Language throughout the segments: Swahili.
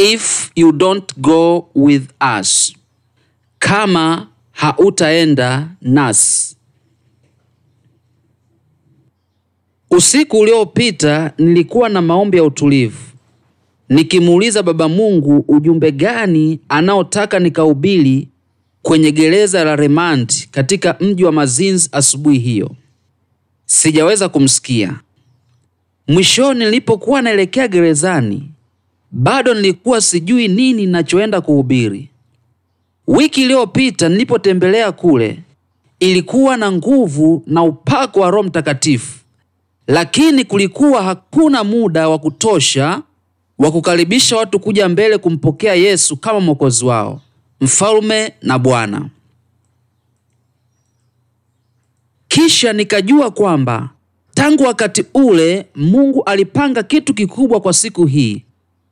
if you don't go with us, kama hautaenda nasi. Usiku uliopita nilikuwa na maombi ya utulivu nikimuuliza Baba Mungu ujumbe gani anaotaka nikaubili kwenye gereza la Remand katika mji wa mazins Asubuhi hiyo sijaweza kumsikia. Mwishoni, nilipokuwa naelekea gerezani, bado nilikuwa sijui nini ninachoenda kuhubiri. Wiki iliyopita nilipotembelea kule, ilikuwa na nguvu na upako wa Roho Mtakatifu, lakini kulikuwa hakuna muda wa kutosha wa kukaribisha watu kuja mbele kumpokea Yesu kama mwokozi wao, mfalme na Bwana. Kisha nikajua kwamba tangu wakati ule Mungu alipanga kitu kikubwa kwa siku hii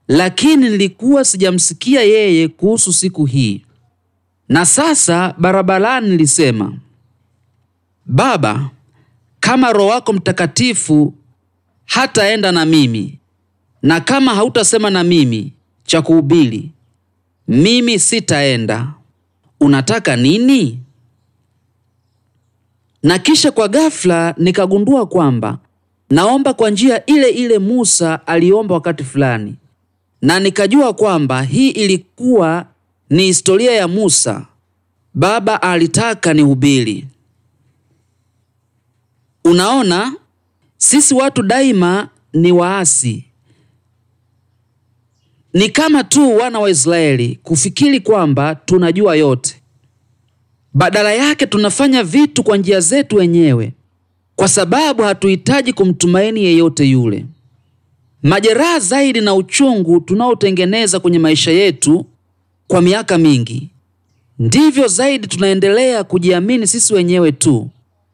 lakini nilikuwa sijamsikia yeye kuhusu siku hii. Na sasa barabarani nilisema, Baba, kama Roho wako Mtakatifu hataenda na mimi na kama hautasema na mimi cha kuhubiri, mimi sitaenda. Unataka nini? Na kisha kwa ghafla nikagundua kwamba naomba kwa njia ile ile Musa aliomba wakati fulani na nikajua kwamba hii ilikuwa ni historia ya Musa. Baba alitaka nihubiri. Unaona, sisi watu daima ni waasi. Ni kama tu wana wa Israeli kufikiri kwamba tunajua yote. Badala yake tunafanya vitu kwa njia zetu wenyewe, kwa sababu hatuhitaji kumtumaini yeyote yule. Majeraha zaidi na uchungu tunaotengeneza kwenye maisha yetu kwa miaka mingi, ndivyo zaidi tunaendelea kujiamini sisi wenyewe tu,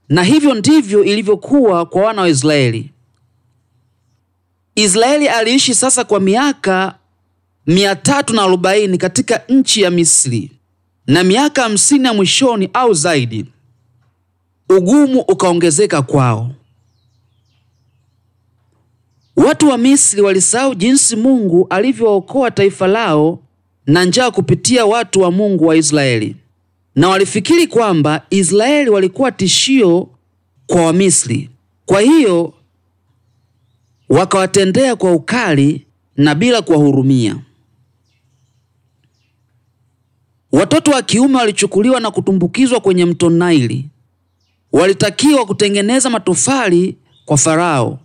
na hivyo ndivyo ilivyokuwa kwa wana wa Israeli. Israeli aliishi sasa kwa miaka 340 katika nchi ya Misri na miaka hamsini ya mwishoni au zaidi, ugumu ukaongezeka kwao. Watu wa Misri walisahau jinsi Mungu alivyookoa taifa lao na njaa kupitia watu wa Mungu wa Israeli, na walifikiri kwamba Israeli walikuwa tishio kwa Wamisri. Kwa hiyo wakawatendea kwa ukali na bila kuwahurumia. Watoto wa kiume walichukuliwa na kutumbukizwa kwenye mto Naili. Walitakiwa kutengeneza matofali kwa Farao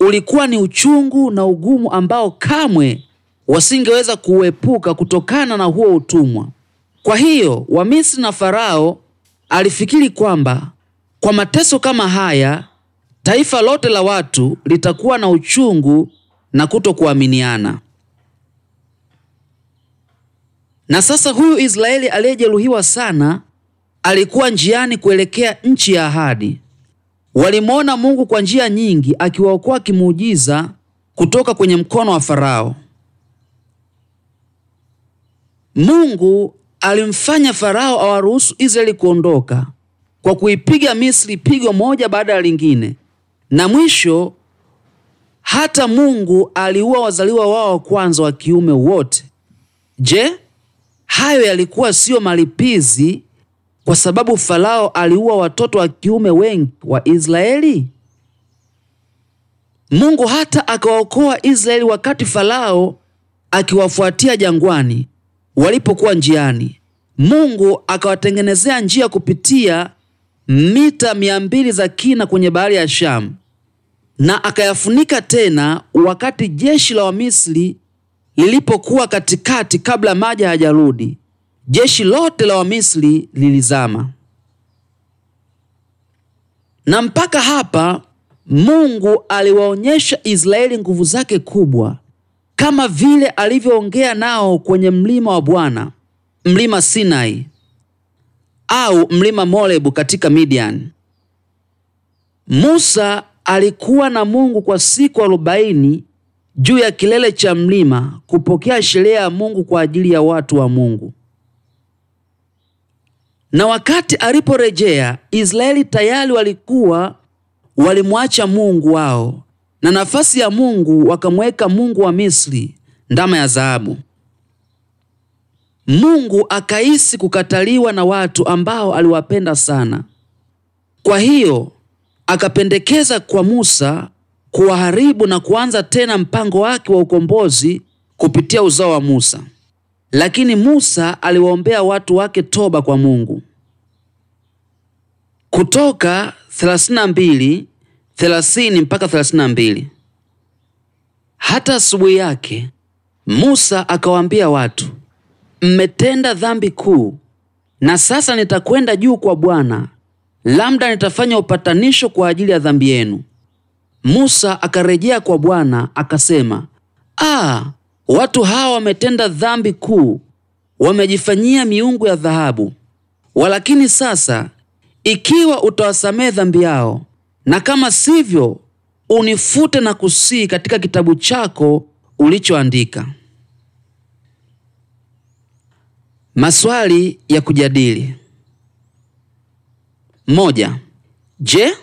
ulikuwa ni uchungu na ugumu ambao kamwe wasingeweza kuuepuka kutokana na huo utumwa. Kwa hiyo Wamisri na Farao alifikiri kwamba kwa mateso kama haya taifa lote la watu litakuwa na uchungu na kutokuaminiana. Na sasa huyu Israeli aliyejeruhiwa sana alikuwa njiani kuelekea nchi ya ahadi. Walimwona Mungu kwa njia nyingi akiwaokoa kimuujiza kutoka kwenye mkono wa Farao. Mungu alimfanya Farao awaruhusu Israeli kuondoka kwa kuipiga Misri pigo moja baada ya lingine, na mwisho hata Mungu aliua wazaliwa wao wa kwanza wa kiume wote. Je, hayo yalikuwa siyo malipizi kwa sababu Farao aliua watoto wa kiume wengi wa Israeli? Mungu hata akawaokoa Israeli wakati Farao akiwafuatia jangwani walipokuwa njiani. Mungu akawatengenezea njia kupitia mita mia mbili za kina kwenye bahari ya Shamu na akayafunika tena wakati jeshi la Wamisri lilipokuwa katikati kabla maji hayajarudi jeshi lote la Wamisri lilizama. Na mpaka hapa Mungu aliwaonyesha Israeli nguvu zake kubwa kama vile alivyoongea nao kwenye mlima wa Bwana, mlima Sinai au mlima Morebu katika Midian. Musa alikuwa na Mungu kwa siku arobaini juu ya kilele cha mlima kupokea sheria ya Mungu kwa ajili ya watu wa Mungu. Na wakati aliporejea, Israeli tayari walikuwa walimwacha Mungu wao, na nafasi ya Mungu wakamweka mungu wa Misri, ndama ya dhahabu. Mungu akahisi kukataliwa na watu ambao aliwapenda sana. Kwa hiyo akapendekeza kwa Musa kuwaharibu na kuanza tena mpango wake wa ukombozi kupitia uzao wa Musa. Lakini Musa aliwaombea watu wake toba kwa Mungu kutoka 32 30 mpaka 32. Hata asubuhi yake Musa akawaambia watu, mmetenda dhambi kuu, na sasa nitakwenda juu kwa Bwana, labda nitafanya upatanisho kwa ajili ya dhambi yenu. Musa akarejea kwa Bwana akasema, ah, watu hawa wametenda dhambi kuu, wamejifanyia miungu ya dhahabu. Walakini sasa ikiwa utawasamehe dhambi yao, na kama sivyo, unifute na kusii katika kitabu chako ulichoandika. Maswali ya kujadili. Moja. Je,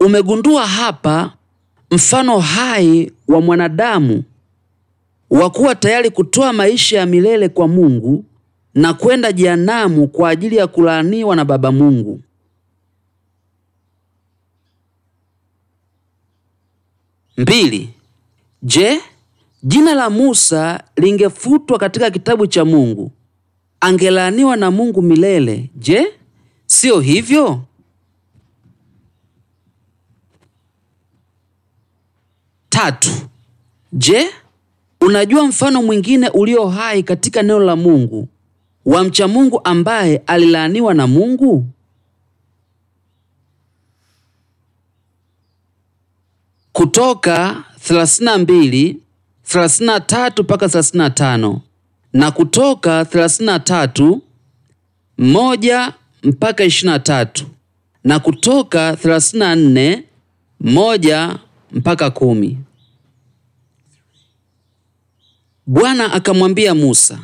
umegundua hapa mfano hai wa mwanadamu wa kuwa tayari kutoa maisha ya milele kwa Mungu na kwenda jehanamu kwa ajili ya kulaaniwa na Baba Mungu. Mbili. Je, jina la Musa lingefutwa katika kitabu cha Mungu, angelaaniwa na Mungu milele. Je, siyo hivyo? Tatu. Je, unajua mfano mwingine ulio hai katika neno la Mungu wa mcha Mungu ambaye alilaaniwa na Mungu? kutoka 32 33 mpaka 35 na kutoka 33 1 mpaka 23 na kutoka 34 1 mpaka kumi. Bwana akamwambia Musa,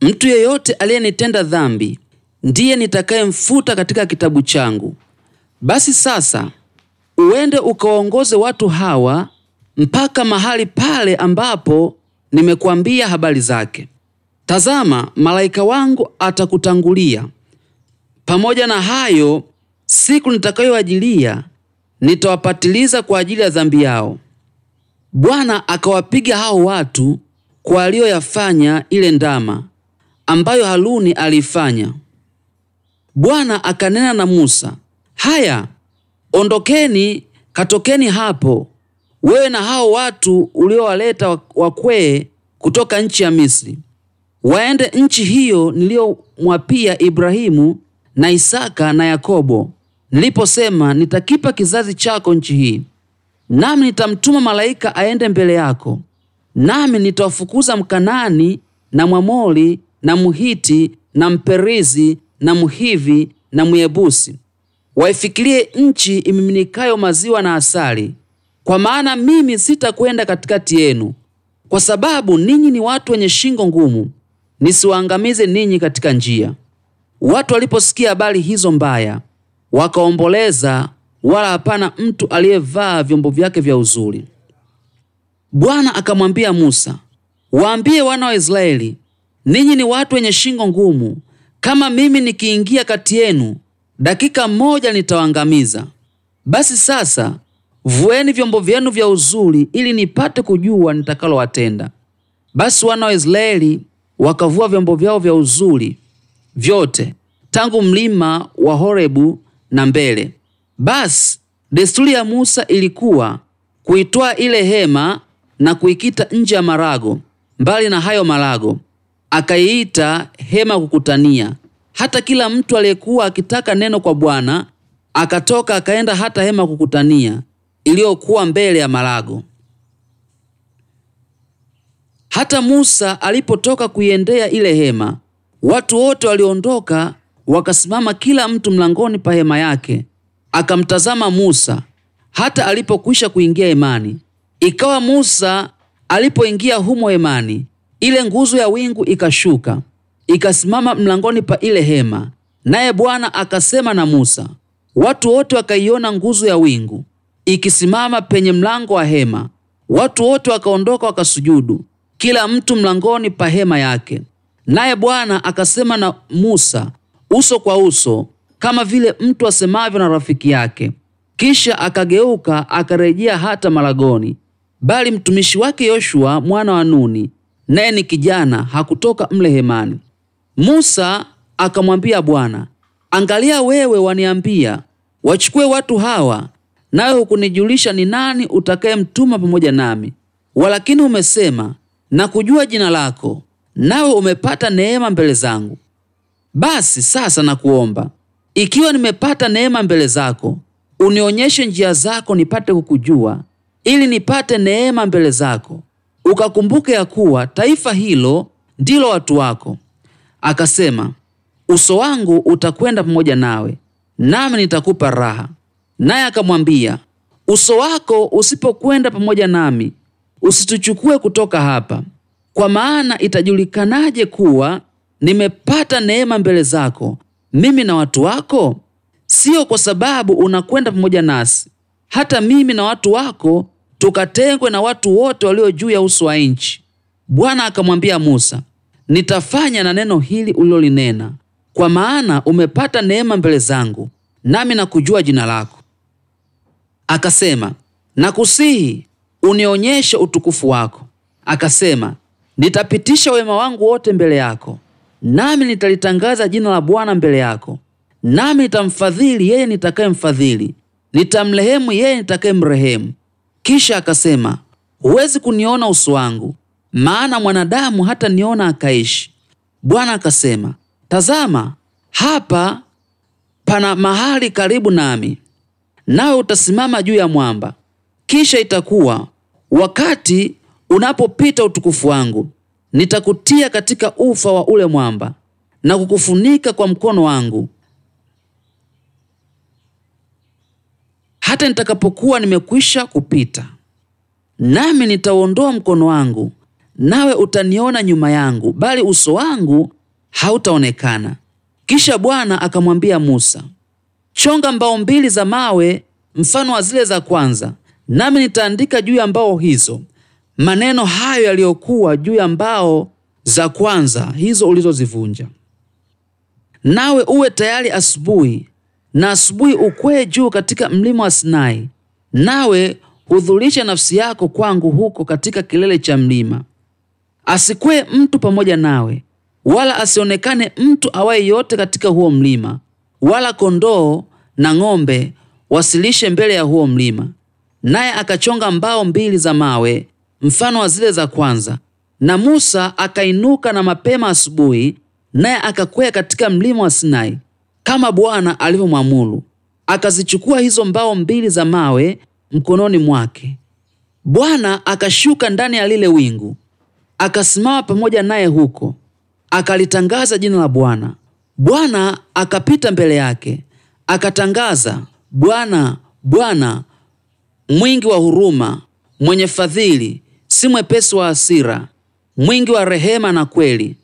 mtu yeyote aliyenitenda dhambi ndiye nitakayemfuta katika kitabu changu. Basi sasa uende ukawaongoze watu hawa mpaka mahali pale ambapo nimekuambia habari zake. Tazama, malaika wangu atakutangulia. Pamoja na hayo, siku nitakayoajilia nitawapatiliza kwa ajili ya dhambi yao. Bwana akawapiga hao watu kwa aliyoyafanya ile ndama ambayo Haruni aliifanya. Bwana akanena na Musa, haya ondokeni, katokeni hapo, wewe na hao watu uliowaleta wakwee kutoka nchi ya Misri, waende nchi hiyo niliyomwapia Ibrahimu na Isaka na Yakobo, niliposema nitakipa kizazi chako nchi hii. Nami nitamtuma malaika aende mbele yako, nami nitawafukuza Mkanani na mwamoli na Muhiti na Mperizi na Mhivi na Myebusi waifikirie nchi imiminikayo maziwa na asali, kwa maana mimi sitakwenda katikati yenu, kwa sababu ninyi ni watu wenye shingo ngumu, nisiwaangamize ninyi katika njia. Watu waliposikia habari hizo mbaya, wakaomboleza, wala hapana mtu aliyevaa vyombo vyake vya uzuri. Bwana akamwambia Musa, waambie wana wa Israeli, ninyi ni watu wenye shingo ngumu. Kama mimi nikiingia kati yenu dakika moja nitawangamiza Basi sasa vueni vyombo vyenu vya uzuri, ili nipate kujua nitakalowatenda. Basi wana wa Israeli wakavua vyombo vyao vya uzuri vyote tangu mlima wa Horebu na mbele. Basi desturi ya Musa ilikuwa kuitwaa ile hema na kuikita nje ya marago, mbali na hayo marago akaiita hema kukutania, hata kila mtu aliyekuwa akitaka neno kwa Bwana akatoka akaenda hata hema kukutania iliyokuwa mbele ya malago. Hata Musa alipotoka kuiendea ile hema, watu wote waliondoka wakasimama kila mtu mlangoni pa hema yake, akamtazama Musa hata alipokwisha kuingia hemani. Ikawa Musa alipoingia humo hemani, ile nguzo ya wingu ikashuka ikasimama mlangoni pa ile hema, naye Bwana akasema na Musa. Watu wote wakaiona nguzo ya wingu ikisimama penye mlango wa hema. Watu wote wakaondoka wakasujudu, kila mtu mlangoni pa hema yake. Naye Bwana akasema na Musa uso kwa uso, kama vile mtu asemavyo na rafiki yake. Kisha akageuka akarejea hata Malagoni, bali mtumishi wake Yoshua mwana wa Nuni, naye ni kijana, hakutoka mle hemani. Musa akamwambia Bwana, angalia, wewe waniambia wachukue watu hawa, nawe hukunijulisha ni nani utakayemtuma pamoja nami. Walakini umesema na kujua jina lako, nawe umepata neema mbele zangu. Basi sasa nakuomba, ikiwa nimepata neema mbele zako, unionyeshe njia zako, nipate kukujua, ili nipate neema mbele zako, ukakumbuke ya kuwa taifa hilo ndilo watu wako akasema, uso wangu utakwenda pamoja nawe, nami nitakupa raha. Naye akamwambia, uso wako usipokwenda pamoja nami, usituchukue kutoka hapa. Kwa maana itajulikanaje kuwa nimepata neema mbele zako, mimi na watu wako? Sio kwa sababu unakwenda pamoja nasi, hata mimi na watu wako tukatengwe na watu wote walio juu ya uso wa nchi. Bwana akamwambia Musa, nitafanya na neno hili ulilolinena, kwa maana umepata neema mbele zangu, nami nakujua jina lako. Akasema, nakusihi unionyeshe utukufu wako. Akasema, nitapitisha wema wangu wote mbele yako, nami nitalitangaza jina la Bwana mbele yako, nami nitamfadhili yeye nitakayemfadhili, nitamrehemu yeye nitakayemrehemu. Kisha akasema, huwezi kuniona uso wangu, maana mwanadamu hata niona akaishi. Bwana akasema, tazama hapa pana mahali karibu nami, nawe utasimama juu ya mwamba. Kisha itakuwa wakati unapopita utukufu wangu, nitakutia katika ufa wa ule mwamba na kukufunika kwa mkono wangu, hata nitakapokuwa nimekwisha kupita, nami nitauondoa mkono wangu nawe utaniona nyuma yangu, bali uso wangu hautaonekana. Kisha Bwana akamwambia Musa, chonga mbao mbili za mawe mfano wa zile za kwanza, nami nitaandika juu ya mbao hizo maneno hayo yaliyokuwa juu ya mbao za kwanza hizo ulizozivunja. Nawe uwe tayari asubuhi, na asubuhi ukwee juu katika mlima wa Sinai, nawe hudhulisha nafsi yako kwangu huko katika kilele cha mlima asikwe mtu pamoja nawe, wala asionekane mtu awaye yote katika huo mlima, wala kondoo na ng'ombe wasilishe mbele ya huo mlima. Naye akachonga mbao mbili za mawe mfano wa zile za kwanza. Na Musa akainuka na mapema asubuhi, naye akakwea katika mlima wa Sinai kama Bwana alivyomwamuru, akazichukua hizo mbao mbili za mawe mkononi mwake. Bwana akashuka ndani ya lile wingu akasimama pamoja naye huko, akalitangaza jina la Bwana. Bwana akapita mbele yake, akatangaza, Bwana, Bwana mwingi wa huruma, mwenye fadhili, si mwepesi wa hasira, mwingi wa rehema na kweli,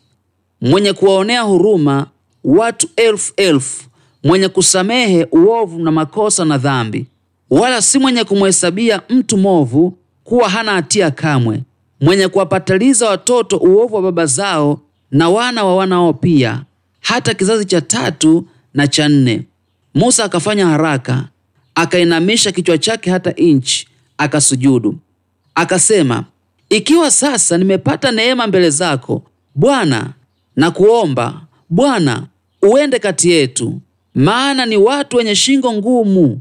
mwenye kuwaonea huruma watu elfu elfu, mwenye kusamehe uovu na makosa na dhambi, wala si mwenye kumhesabia mtu movu kuwa hana hatia kamwe, mwenye kuwapatiliza watoto uovu wa baba zao na wana wa wana wao pia, hata kizazi cha tatu na cha nne. Musa akafanya haraka, akainamisha kichwa chake hata inchi, akasujudu. Akasema, ikiwa sasa nimepata neema mbele zako Bwana, na kuomba Bwana uende kati yetu, maana ni watu wenye shingo ngumu,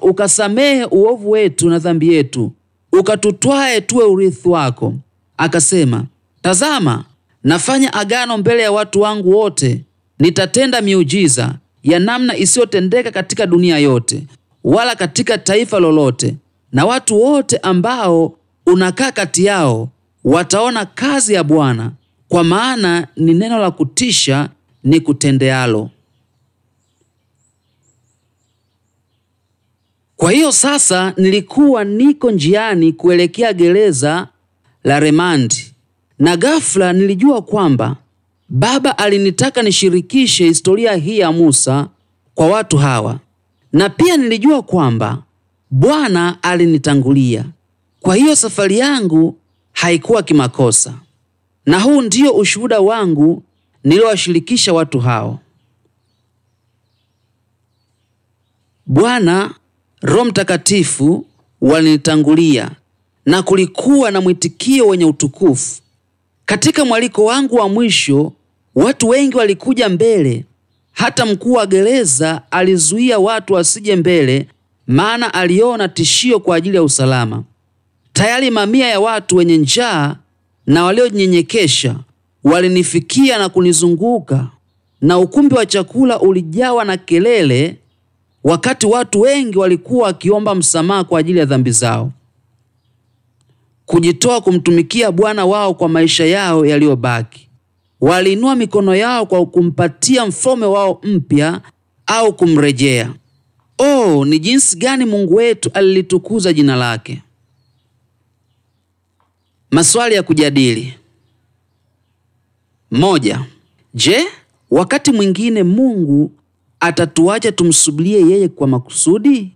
ukasamehe uka uovu wetu na dhambi yetu ukatutwae tuwe urithi wako. Akasema, tazama, nafanya agano mbele ya watu wangu wote, nitatenda miujiza ya namna isiyotendeka katika dunia yote wala katika taifa lolote, na watu wote ambao unakaa kati yao wataona kazi ya Bwana, kwa maana ni neno la kutisha ni kutendealo. Kwa hiyo sasa nilikuwa niko njiani kuelekea gereza la remandi, na ghafla nilijua kwamba baba alinitaka nishirikishe historia hii ya Musa kwa watu hawa, na pia nilijua kwamba Bwana alinitangulia. Kwa hiyo safari yangu haikuwa kimakosa, na huu ndio ushuhuda wangu niliowashirikisha watu hao. Bwana Roho Mtakatifu walinitangulia na kulikuwa na mwitikio wenye utukufu. Katika mwaliko wangu wa mwisho, watu wengi walikuja mbele, hata mkuu wa gereza alizuia watu wasije mbele, maana aliona tishio kwa ajili ya usalama. Tayari mamia ya watu wenye njaa na walionyenyekesha walinifikia na kunizunguka, na ukumbi wa chakula ulijawa na kelele wakati watu wengi walikuwa wakiomba msamaha kwa ajili ya dhambi zao, kujitoa kumtumikia Bwana wao kwa maisha yao yaliyobaki. Waliinua mikono yao kwa kumpatia mfalme wao mpya au kumrejea. Oh, ni jinsi gani Mungu wetu alilitukuza jina lake! Maswali ya kujadili: moja. Je, wakati mwingine Mungu atatuacha tumsubilie yeye kwa makusudi?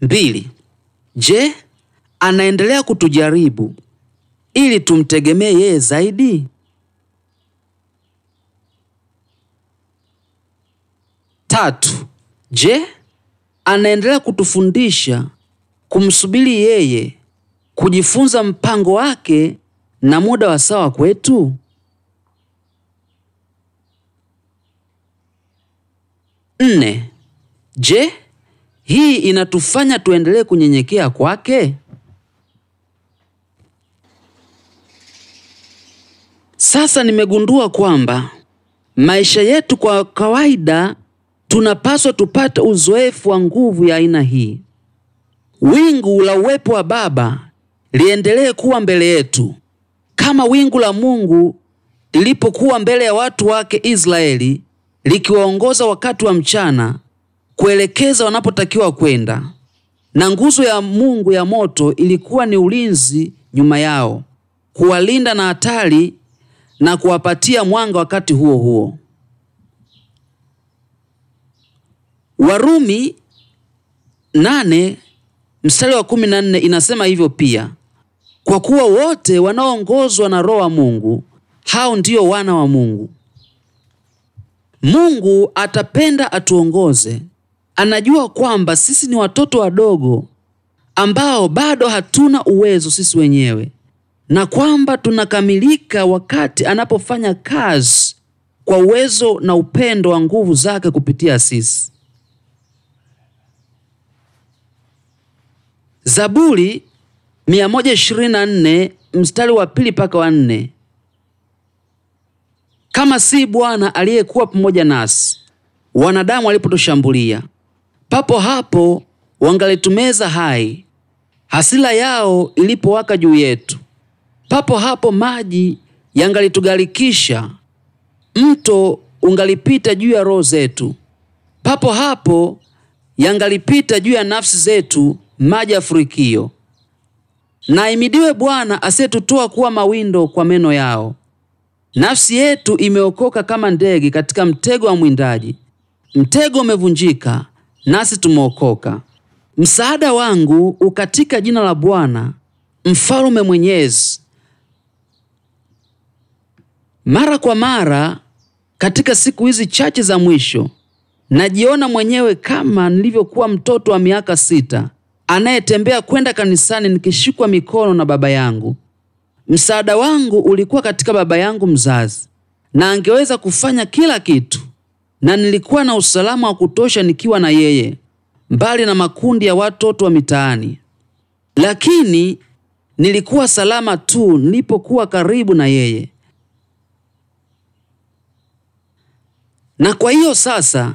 Mbili. Je, anaendelea kutujaribu ili tumtegemee yeye zaidi? Tatu. Je, anaendelea kutufundisha kumsubiri yeye, kujifunza mpango wake na muda wa sawa kwetu? Nne, je, hii inatufanya tuendelee kunyenyekea kwake? Sasa nimegundua kwamba maisha yetu kwa kawaida tunapaswa tupate uzoefu wa nguvu ya aina hii. Wingu la uwepo wa Baba liendelee kuwa mbele yetu kama wingu la Mungu lilipokuwa mbele ya watu wake Israeli likiwaongoza wakati wa mchana kuelekeza wanapotakiwa kwenda, na nguzo ya Mungu ya moto ilikuwa ni ulinzi nyuma yao, kuwalinda na hatari na kuwapatia mwanga wakati huo huo. Warumi nane mstari wa kumi na nne inasema hivyo pia, kwa kuwa wote wanaoongozwa na Roho wa Mungu hao ndiyo wana wa Mungu. Mungu atapenda atuongoze. Anajua kwamba sisi ni watoto wadogo ambao bado hatuna uwezo sisi wenyewe na kwamba tunakamilika wakati anapofanya kazi kwa uwezo na upendo wa nguvu zake kupitia sisi. Zaburi 124 mstari wa pili mpaka wa nne. Kama si Bwana aliyekuwa pamoja nasi, wanadamu walipotushambulia, papo hapo wangalitumeza hai. Hasira yao ilipowaka juu yetu, papo hapo maji yangalitugalikisha mto ungalipita juu ya roho zetu, papo hapo yangalipita juu ya nafsi zetu maji afurikio. Naimidiwe Na imidiwe Bwana asiyetutoa kuwa mawindo kwa meno yao. Nafsi yetu imeokoka kama ndege katika mtego wa mwindaji. Mtego umevunjika nasi tumeokoka. Msaada wangu ukatika jina la Bwana mfalume mwenyezi. Mara kwa mara katika siku hizi chache za mwisho najiona mwenyewe kama nilivyokuwa mtoto wa miaka sita anayetembea kwenda kanisani nikishikwa mikono na baba yangu. Msaada wangu ulikuwa katika baba yangu mzazi, na angeweza kufanya kila kitu, na nilikuwa na usalama wa kutosha nikiwa na yeye, mbali na makundi ya watoto wa mitaani. Lakini nilikuwa salama tu nilipokuwa karibu na yeye. Na kwa hiyo sasa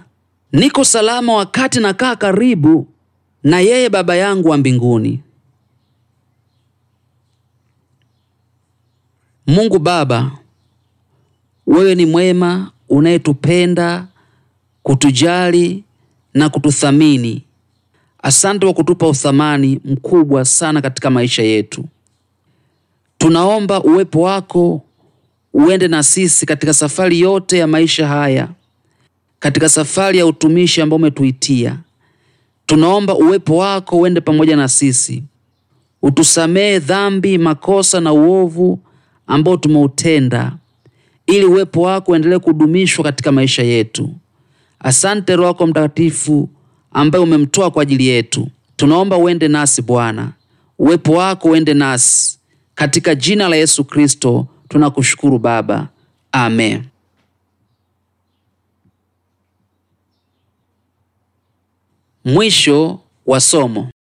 niko salama wakati nakaa karibu na yeye, Baba yangu wa mbinguni. Mungu Baba, wewe ni mwema unayetupenda, kutujali na kututhamini. Asante kwa kutupa uthamani mkubwa sana katika maisha yetu. Tunaomba uwepo wako uende na sisi katika safari yote ya maisha haya, katika safari ya utumishi ambao umetuitia. Tunaomba uwepo wako uende pamoja na sisi, utusamehe dhambi, makosa na uovu ambao tumeutenda ili uwepo wako uendelee kudumishwa katika maisha yetu. Asante Roho wako Mtakatifu ambaye umemtoa kwa ajili yetu. Tunaomba uende nasi Bwana, uwepo wako uende nasi katika jina la Yesu Kristo tunakushukuru Baba, amen. Mwisho wa somo.